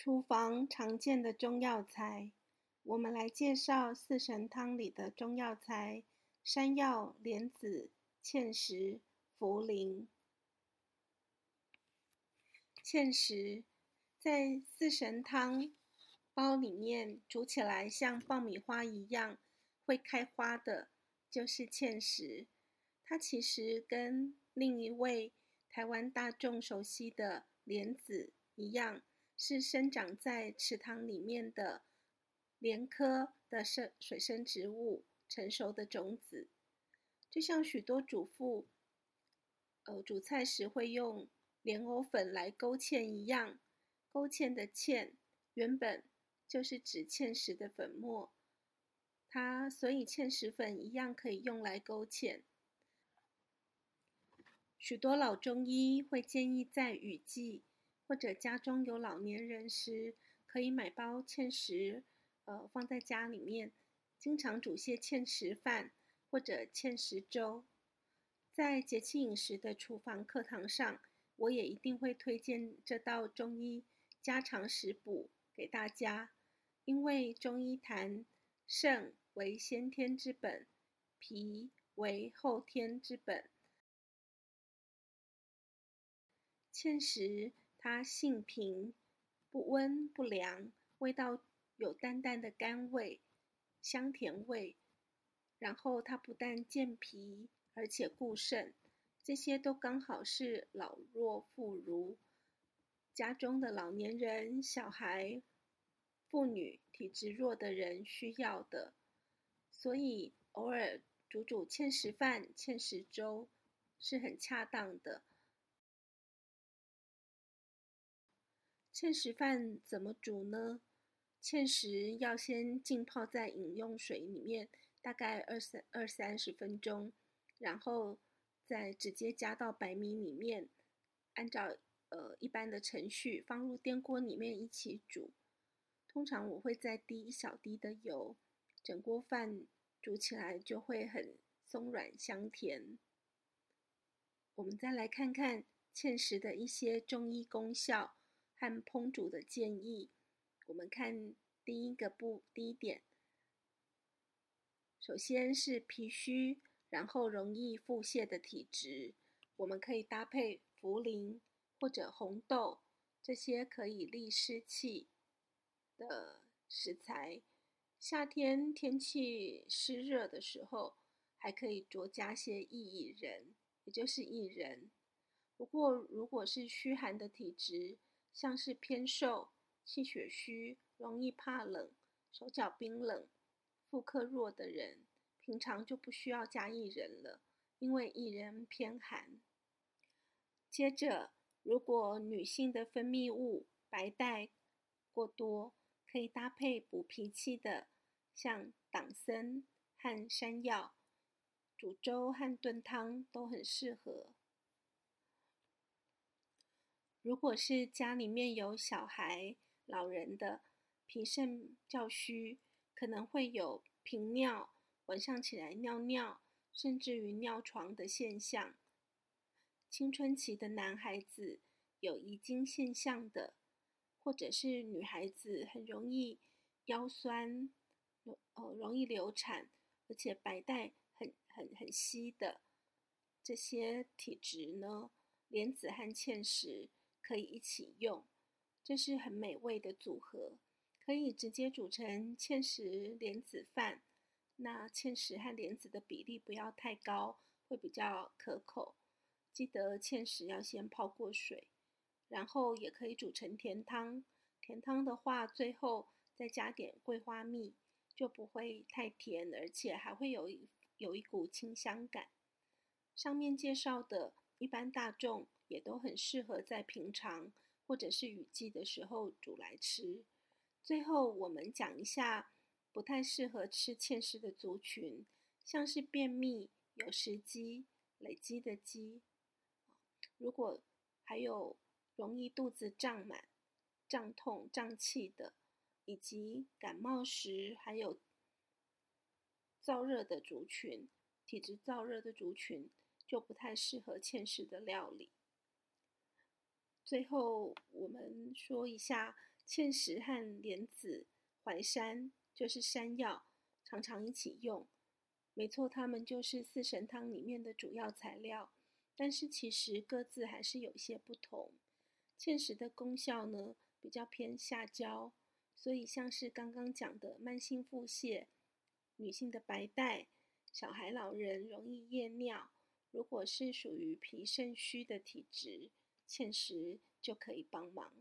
廚房常見的中藥材，我們來介紹四神湯裡的中藥材：山藥、蓮子、芡實、茯苓。芡實在四神湯包裡面煮起來像爆米花一樣會開花的，就是芡實。它其實跟另一味台灣大眾熟悉的蓮子一樣。是生長在池塘裡面的蓮科的生水生植物，成熟的種子，就像許多主婦，呃，煮菜時會用蓮藕粉來勾芡一樣，勾芡的芡原本就是指芡實的粉末，它所以芡實粉一樣可以用來勾芡。許多老中醫會建議在雨季。或者家中有老年人時，可以買包芡實，呃，放在家裡面，經常煮些芡實飯或者芡實粥。在節氣飲食的廚房課堂上，我也一定會推薦這道中醫家常食補給大家，因為中醫談腎為先天之本，脾為後天之本。芡實。它性平，不溫不涼，味道有淡淡的甘味、香甜味。然後它不但健脾，而且固腎，這些都剛好是老弱婦孺、家中的老年人、小孩、婦女、體質弱的人需要的。所以偶爾煮煮芡實飯、芡實粥是很恰當的。芡實飯怎麼煮呢？芡實要先浸泡在飲用水裡面，大概二三二三十分鐘，然後再直接加到白米裡面，按照呃一般的程序放入電鍋裡面一起煮。通常我會再滴一小滴的油，整鍋飯煮起來就會很鬆軟香甜。我們再來看看芡實的一些中醫功效，和烹煮的建議，我們看第一個步第一點，首先是脾虛，然後容易腹瀉的體質，我們可以搭配茯苓或者紅豆這些可以利濕氣的食材。夏天天氣濕熱的時候，還可以酌加些薏苡仁，也就是薏仁。不過如果是虛寒的體質，像是偏瘦、氣血虛、容易怕冷、手腳冰冷、婦科弱的人，平常就不需要加薏仁了，因為薏仁偏寒。接着，如果女性的分泌物白帶過多，可以搭配補脾氣的，像黨參和山藥，煮粥和燉湯都很適合。如果是家裡面有小孩、老人的脾腎較虛，可能會有頻尿、晚上起來尿尿，甚至於尿床的現象。青春期的男孩子有遺精現象的，或者是女孩子很容易腰酸，哦，容易流產，而且白帶很、很、很稀的，這些體質呢，蓮子和芡實。可以一起用，這是很美味的組合，可以直接煮成芡實蓮子飯。那芡實和蓮子的比例不要太高，會比較可口。記得芡實要先泡過水，然後也可以煮成甜湯。甜湯的話，最後再加點桂花蜜，就不會太甜，而且還會有一有一股清香感。上面介紹的。一般大眾也都很適合在平常或者是雨季的時候煮來吃。最後，我們講一下不太適合吃芡實的族群，像是便秘、有食積、累積的積，如果還有容易肚子脹滿、脹痛、脹氣的，以及感冒時還有燥熱的族群，體質燥熱的族群。就不太適合芡實的料理。最後，我們說一下芡實和蓮子、淮山就是山藥，常常一起用。沒錯，它們就是四神湯裡面的主要材料。但是其實各自還是有些不同。芡實的功效呢，比較偏下焦，所以像是剛剛講的慢性腹瀉、女性的白帶、小孩、老人容易夜尿。如果是屬於脾腎虛的體質，芡實就可以幫忙。